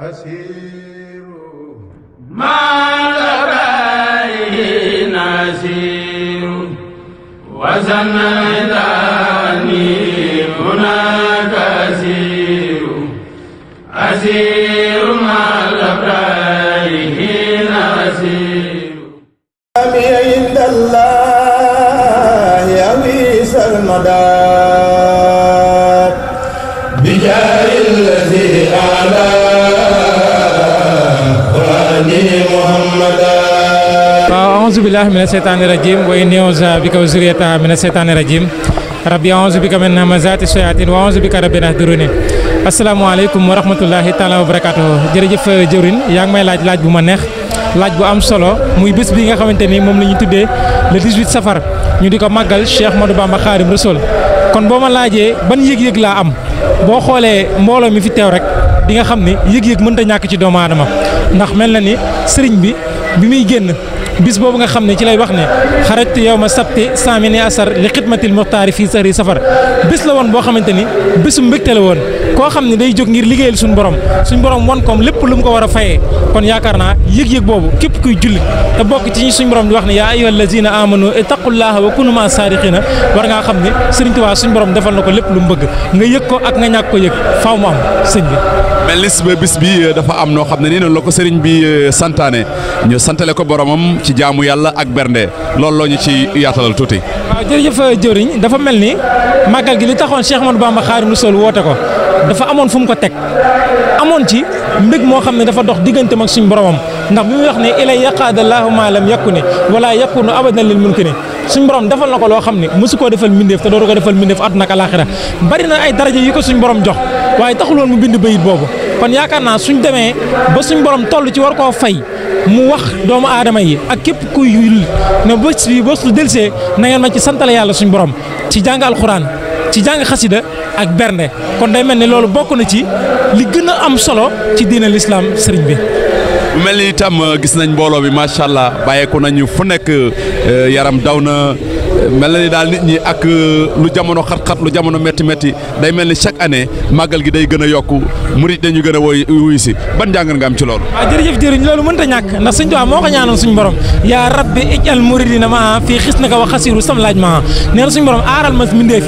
asiru malaraayi nasiru wasanaytaani munakasiru asiru malaraayi nasiru ami indallah yawi salmadaa billahi mina shaytani rajim uh, wa inni u'idhu bika wa dhurriyyataha mina shaytani rajim rabbi yaa ngi may laaj laaj bu ma neex laaj bu am solo muy bés bi nga xamante ni moom la ñu tuddee le 18 safar ñu di ko màggal Cheikh Modou Bamba Xaadim Rasul kon boo ma laajee ban yëg-yëg laa am boo xoolee mbooloo mi fi teew rek di nga xam ni yëg-yëg mënta ñàkk ci doomu aadama ndax mel na ni sëriñ bi bi muy génn bis boobu nga xam ne ci lay wax ne xarajtu yow ma sabti saamini asar li xidmatil muxtaari fii sari safar bés la woon boo xamante ni bésu mbégte la woon koo xam ne day jóg ngir liggéeyal suñu borom suñu borom wan koom lépp lu mu ko war a fayee kon yaakaar naa yëg-yëg boobu képp kuy jullit te bokk ci suñu borom di wax ne yaa ayyuha allazina amanu ittaqullaha wa kunu ma saadiqina war ngaa xam ne Sëriñ Tuubaa suñu borom defal na ko lépp lu mu bëgg nga yëg ko ak nga ñàkk ko yëg faaw mu am sëñ bi mel ni bis bi dafa am no xamne ne nii noonu la bi santane ñu santale ko boromam ci jaamu yàlla ak bernde lool loo ñu ci yaatalal tuti jeureuf jërëjëf dafa melni magal gi li taxone Cheikh Ahmadou Bamba lu sol wote ko dafa amone fum ko tek amone ci mbég mo xamne dafa dox digeunte mak suñu boromam ndax bi wax ne ila yaqad allah ma lam yakuni wala yakun abadan lil mulkin suñu borom defal na lo xamne musu ko defal mindeef te do ko defal mbindeef àdduna ak alaaxira bari na ay daraja yi ko suñ borom jox waye taxul won mu bind beuyit bobu kon yaakaar naa suñ demee ba suñ borom toll ci war koo fay mu wax doomu aadama yi ak képp ku yul ne bés bi bés lu delsee na ma ci santale yàlla suñ borom ci jàng alxuraan ci jàng xasida ak bernde kon day mel ne loolu bokk na ci li gën a am solo ci diine lislaam sëriñ bi. bu mel ni itam gis nañ mbooloo bi macha allah bàyyeeku nañu fu nekk eh, yaram daw na. mel na ni daal nit ñi ak euh, lu jamono xat-xat lu jamono métti métti day mel ni chaque année màggal gi day gën a yokk murit dañu gën a woy wuy si ban jàngat nga am ci loolu. waaw ah, jërëjëf jëriñ loolu mënut a ñàkk ndax suñ Tuubaa moo ko ñaanoon suñu borom yaa rabbi ij'al muridina maa fii xisnika wa xasiru sam laaj maa nee na suñu aaral ma mbindee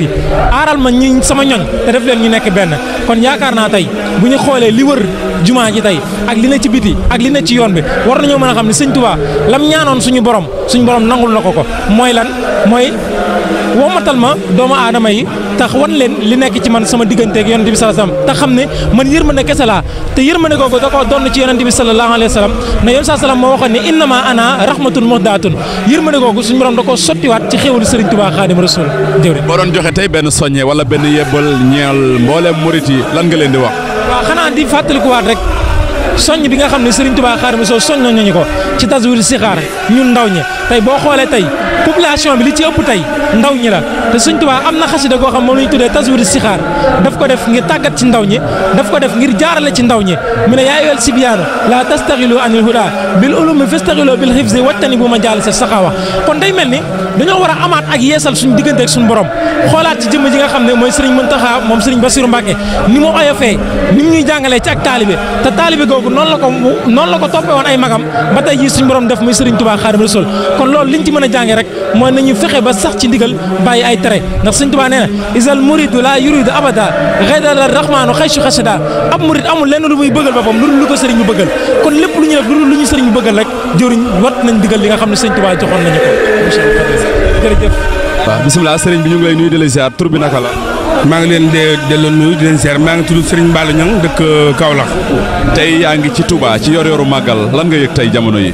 aaral ma ñi sama ñoñ te def leen ñu nekk benn kon yaakaar naa tey bu ñu xoolee li wër jumaa ji tey ak li na ci biti ak li na ci yoon bi war nañoo mën a xam ne sëñ Tuubaa lam ñaanoon suñu borom suñu borom nangul na ko ko mooy lan mooy womatal ma doomu aadama yi tax wan leen li nekk ci man sama digganteeg yonent bi sallallahu alayhi te xam ne man yërmande kese laa te yërmande googu da koo donn ci yonent bi sallallahu alayhi wasallam ne yonent sallallahu alayhi wasallam moo waxoon ne innama ana rahmatun muhdaatun googu suñu borom da koo sottiwaat ci xéwlu Serigne Touba Khadim Rasoul boo doon joxe tey benn soññe wala benn yebbal ñeel mboolem murit yi lan nga leen di wax waaw xanaa di fàttalikuwaat rek soññ bi nga xam ne Serigne Touba Xaadimu Rasuul soññ nañu ko ci tasawir sixaar ñun ndaw ñi tey boo xoolee tey population bi li ci ëpp tey ndaw ñi la te Serigne Touba am na xasida goo xam moom la ñu tuddee tasawir sixaar daf ko def ngir tàggat ci ndaw ñi daf ko def ngir jaarale ci ndaw ñi mu ne yaa ayyuhal sibyaanu laa tastaxilu anil hudaa bil ulumi fastaxilu bil hifzi wattani bu ma jaal sa saxaawa kon day mel ni dañoo war a amaat ak yeesal suñu diggante ak suñu borom xoolaat ci jëmm ji nga xam ne mooy sëriñ Mountakha moom sëriñ Bassirou Mbacké ni mu oyofee ni mu ñuy jàngalee ci ak taalibe te taalibe googu noonu la ko noonu la ko toppee woon ay magam ba tey jii suñu borom def muy sëriñ Touba Xaadimu Rasuul kon loolu liñ ci mën a jàngee rek mooy nañu fexe ba sax ci ndigal bàyyi ay tere ndax sëriñ Touba nee na isal muridu la yuridu abada xaydala rahmaanu xaysu xasida ab murid lenn lu muy bëggal boppam lu ko sëriñ bu kon lépp lu ñu def lu lu ñu sëriñ bu bëggal rek jëriñ wat nañ ndigal li nga xam ne sëriñ Touba joxoon nañu ko jërëjëf. waaw bisimilah sëriñ bi ñu ngi lay nuyu di la tur bi naka la. maa ngi leen de delloo nuyu di leen maa ngi tudd Serigne Mballo Niang dëkk euh, Kaolack. tey yaa ngi ci Touba ci yor-yoru màggal lan nga yég tey jamono yi.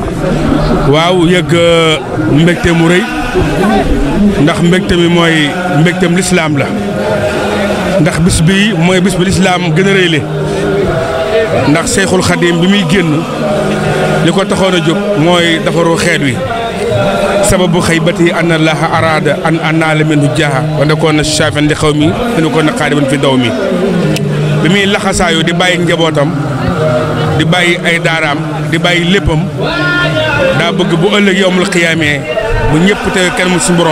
waaw yëg euh, mbégte mu rëy ndax mbégte mi mooy mbégtem lislaam la ndax bis bi mooy bis bi lislaam gën a rëy li ndax Seyxul Xadim bi muy génn li ko taxoon a jóg mooy defaru xeet wi. sababu xaybati an allaha arada an anaala minhu jaaha wa nekkoon na chafin li xaw mi te nekkoon na fi daw mi bi muy laxasaayoo di bàyyi njabootam di bàyyi ay daaraam di bàyyi léppam daa bëgg bu ëllëg yowmul xiyaamee bu ñëpp te kenn mu suñu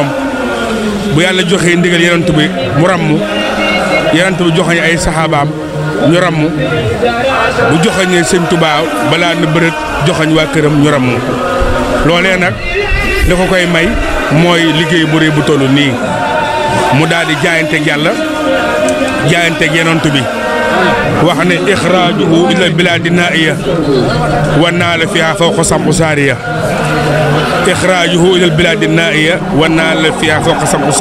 bu yàlla joxee ndigal yonent bi mu ràmm yonent bi joxañ ay saxaabaam ñu ràmm bu joxañee sëñ Tuubaa balaa na bërët joxañ waa këram ñu ràmm lolé nak li ko koy may moy liggéey bu reub tolu ni mu daal jaayante ak yàlla jaayante jaayanteeg yenontu bi waxne ikhrajuhu ila biladin na'iya wa nal fiha fawqa sambu ikhrajuhu ila biladin na'iya wa nal fiha fawqa sambu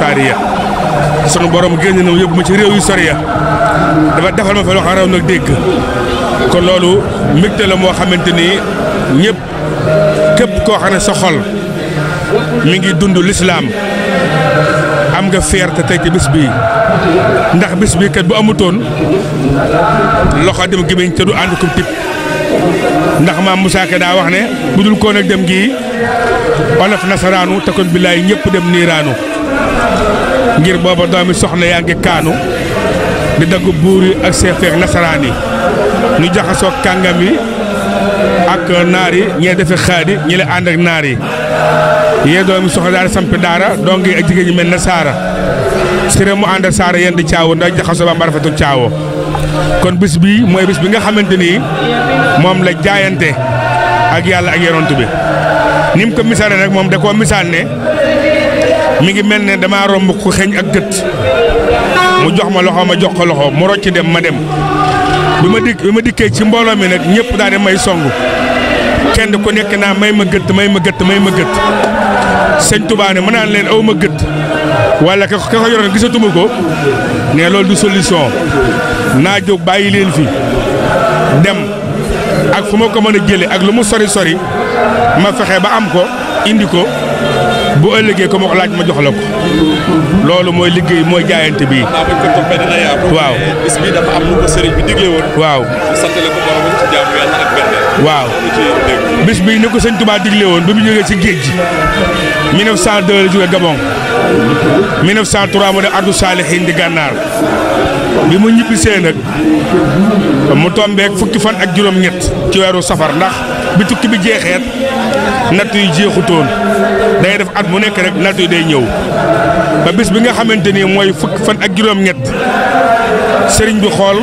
sunu borom génn na yóbbu ma ci réew yu sori ya dafa defal ma fa loo raw nag dégg kon loolu mbégte la moo xamante ni ñëpp képp koo xam ne sa xol mi ngi dund lislaam am nga fierté tey ci bis bii ndax bis bii kat bu amutoon loxo dem gémmiñ te du ànd ko ndax maam Moussa Ka daa wax ne bu dul koon ak dem gii olof nasaraanu te kon billaay ñëpp dem niiraanu ngir booba doomi soxna yaa ngi kaanu di dagg buur yi ak seefeek nasaraan yi ñu jaxasoo kàngam yi ak naar yi ñee defe xaadi ñi ànd ak naar yi yee doomi soxna daal sampi daara dongi ak jigéen ñi mel na saara sire mu ànd saara yéen di caawo ndax jaxasoo ba mbarafatu caawo kon bis bii mooy bis bi nga xamante ni moom la jaayante ak yàlla ak yonent bi ni mu ko misaale rek moom da koo misaal ne mi ngi mel ne damaa romb ku xeeñ ak gët mu jox ma loxo ma jox ko loxo mu rocc dem ma dem bi ma dikk bi ma dikkee ci mbooloo mi nag ñëpp daal di may song kenn ku nekk naa may ma gëtt may ma gëtt may ma gëtt sëñ Tuubaa ne ma leen aw ma gët wala ka ko yoroon gisatuma ko ne loolu du solution naa jóg bàyyi leen fi dem ak fu ma ko mën a jëlee ak lu mu sori sori ma fexe ba am ko indi ko bu ëllëgee ko ma ko laaj ma jox la ko loolu mooy liggéey mooy jaayante bi. waaw bis bi dafa woon. waaw bis bi ni ko sëñ Touba digle woon bi mu jógee ci géej gi 1902 la jógee Gabon 1903 mu dem Ardu Saalihin di gànnaar bi mu ñibbisee nag mu tombeek fukki fan ak juróom-ñett ci weeru safar ndax. bi tukki bi jeexeet natt yu jeexutoon day def at mu nekk rek natt yi day ñëw ba bis bi nga xamante ni mooy fukki fan ak juróom-ñett sëriñ bi xool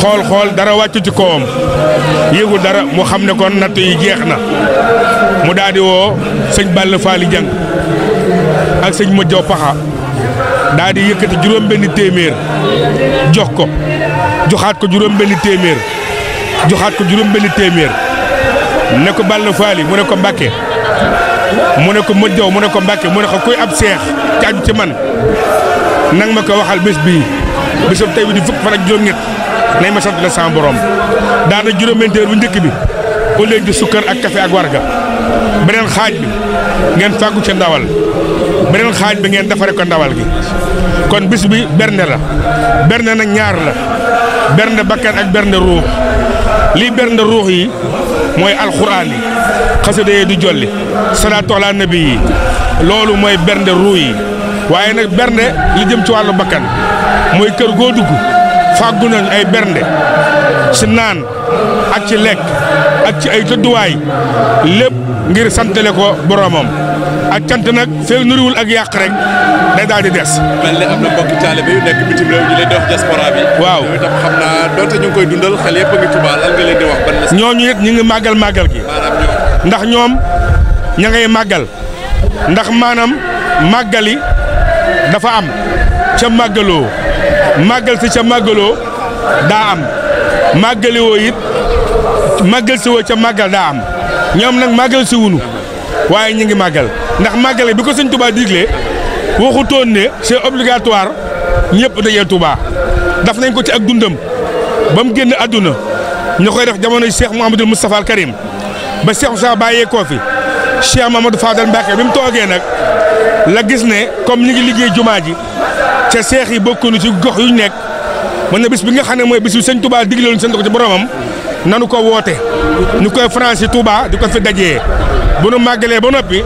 xool xool dara wàccu ci kawam yéegul dara mu xam ne ko natt yi jeex na mu daal di woo sëñ Balla Faali Jang ak sëñ Modjaw Paxa daal di yëkkati juróom-benni téeméer jox ko joxaat ko juróom-benni téeméer joxaat ko juróom-benni téeméer. ne ko Balla Faali mu ne ko Mbàkke mu ne ko Modou Diaw mu ne ko Mbàkke mu ne ko kuy ab seex ci aju ci man nang ma ko waxal bés bi bésam tey bi di fukk fan ak juróom-ñett nañ ma sant la sama borom daana juróom-ñeenteer bu njëkk bi au lieu di sukkar ak café ak warga beneen xaaj bi ngeen fàggu ca ndawal beneen xaaj bi ngeen defare ko ndawal gi kon bis bi bernde la bernde na ñaar la bernde bakkan ak bernde ruux lii bernde ruux yi mooy alxuraan yi xasida yi du jolli salaatu ala nabi yi loolu mooy bernde ruu yi waaye nag bernde li jëm ci wàllu bakkan mooy kër goo dugg fàggu nañ ay bernde ci naan ak ci lekk ak ci ay tëdduwaay lépp ngir santale ko boromam ak cant nag feeg nuriwul ak yàq rek day daal di des. waaw loolu ñu koy dundal xel a ngi Tuubaa lan ñooñu it ñu ngi màggal màggal gi. ndax ñoom ña ngay màggal ndax maanaam màggali dafa am ca màggaloo màggal si ca màggaloo daa am màggaliwoo it màggal si woo ca màggal daa am ñoom nag màggal si wunu waaye ñu ngi màggal ndax màggale bi ko sëñ Touba diglee waxutoon ne c'est obligatoire ñëpp dajee tubaa daf nañ ko ci ak dundam ba mu génn àdduna ñu koy def jamono Cheikh Mouhamadul Moustapha al Karim ba Cheikh saa bàyyee koo fi Cheikh Mamadou Fadal Mbacke bi mu toogee nag la gis ne comme ñu ngi liggéey jumaa ji ca seex yi bokkuñu ci gox yu ñu nekk mën na bis bi nga xam ne mooy bis bi sëñ Touba diglee woon sant ko ci boromam. nanu ko woote nu koy franchi Touba di ko fi dajee bu nu màggalee ba noppi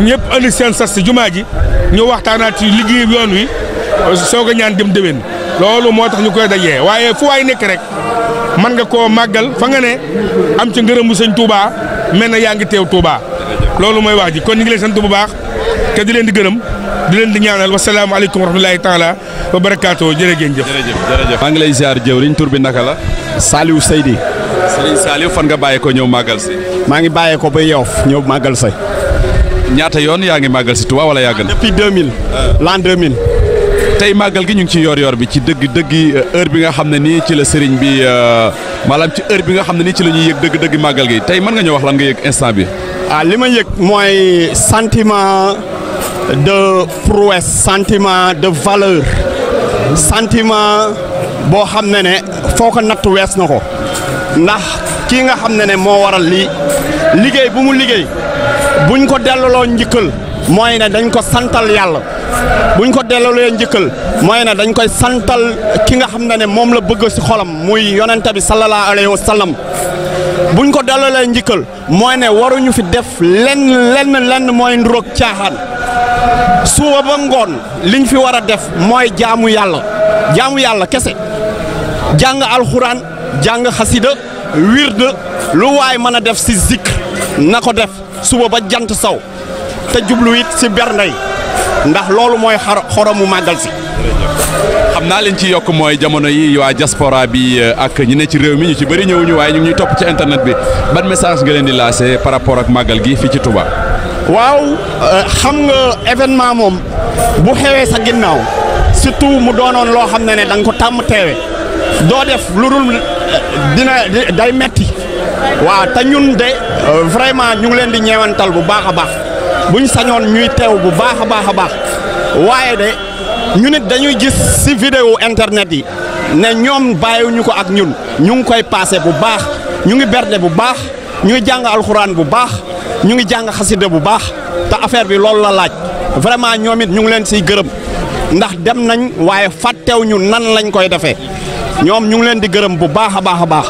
ñëpp indi seen sas si jumaa ji ñu waxtaanaat ci liggéey yoon wi soog a ñaan dem déwén loolu moo tax ñu koy dajee waaye fu waay nekk rek man nga koo màggal fa nga ne am ci ngërëmu seen Touba mel na yaa ngi teew Touba loolu mooy wax ji kon ñu ngi leen sant bu baax te di leen di gërëm di leen di ñaanal wasalaamaaleykum wa rahmatulahi taala wa barakaatu jërëjëf. jërëjëf jërëjëf maa ngi lay ziar jëwriñ tur bi naka la. Saliou Seydi. Serigne Saliou fan nga bàyyee ko ñëw màggal si. maa ngi bàyyee ko ba Yoff ñëw màggal si. ñaata yoon yaa ngi màggal si Touba wala yàgg na. depuis 2000. Ah. l'an 2000. tey màggal gi ñu ngi ci yor-yor bi ci dëgg dëgg euh, heure bi nga xam ne nii ci la Serigne bi euh, maanaam ci heure bi nga xam ne nii ci la ñuy yëg dëgg dëgg màggal gi tey mën nga ñëw wax lan nga yëg instant bi. ah li ma yëg mooy sentiment de prouesse sentiment de valeur sentiment boo xam ne ne foo ko natt wees na ko. ndax kii nga xam ne ne moo waral lii liggéey bu mu liggéey buñ ko delloo njëkkal mooy ne dañ ko santal yàlla buñ ko delloo njëkkal mooy ne dañ koy santal ki nga xam ne ne moom la bëgg ci xolam muy yonente bi sallallahu alayhi wa sallam buñ ko delloo njëkkal mooy ne waruñu fi def lenn lenn lenn mooy nduróog caaxaan suba ba ngoon liñ fi war a def mooy jaamu yàlla jaamu yàlla kese jàng alxuraan. jang khasida wirde lu way mën def si zikr nako def suba ba jant saw te jublu it si bernay ndax lolu moy xoromu magal ci xamna len ci yok moy jamono yi wa diaspora bi eh, ak ñi ne ci rew mi ñu ci ñew ñu way ñu ñuy ci internet bi ban message nga len di lancé par rapport ak magal gi fi ci Touba. waw eh, xam nga événement mom bu xewé sa ginnaw surtout mu lo xamne ne dang ko tam téwé do def lulul eh, dina day metti wa ta ñun de eh, vraiment ñu ngi leen di ñewantal bu baaxa baax buñ sañoon ñuy tew bu baaxa baaxa baax waye de ñu nit dañuy gis si vidéo internet yi ne ñom bayiw ñuko ak ñun ñu ngi koy passer bu baax ñu ngi berde bu baax ñu ngi jang alcorane bu baax ñu ngi jang xasida bu baax ta affaire bi lool la laaj vraiment ñomit ñu ngi leen ci gërëm ndax dem nañ waye fatéw ñu nan lañ koy défé ñoom ñu ngi leen di gërëm bu baax a baax a baax.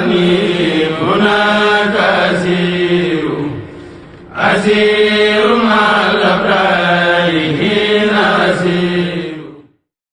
وزمداني هنا كثير أسير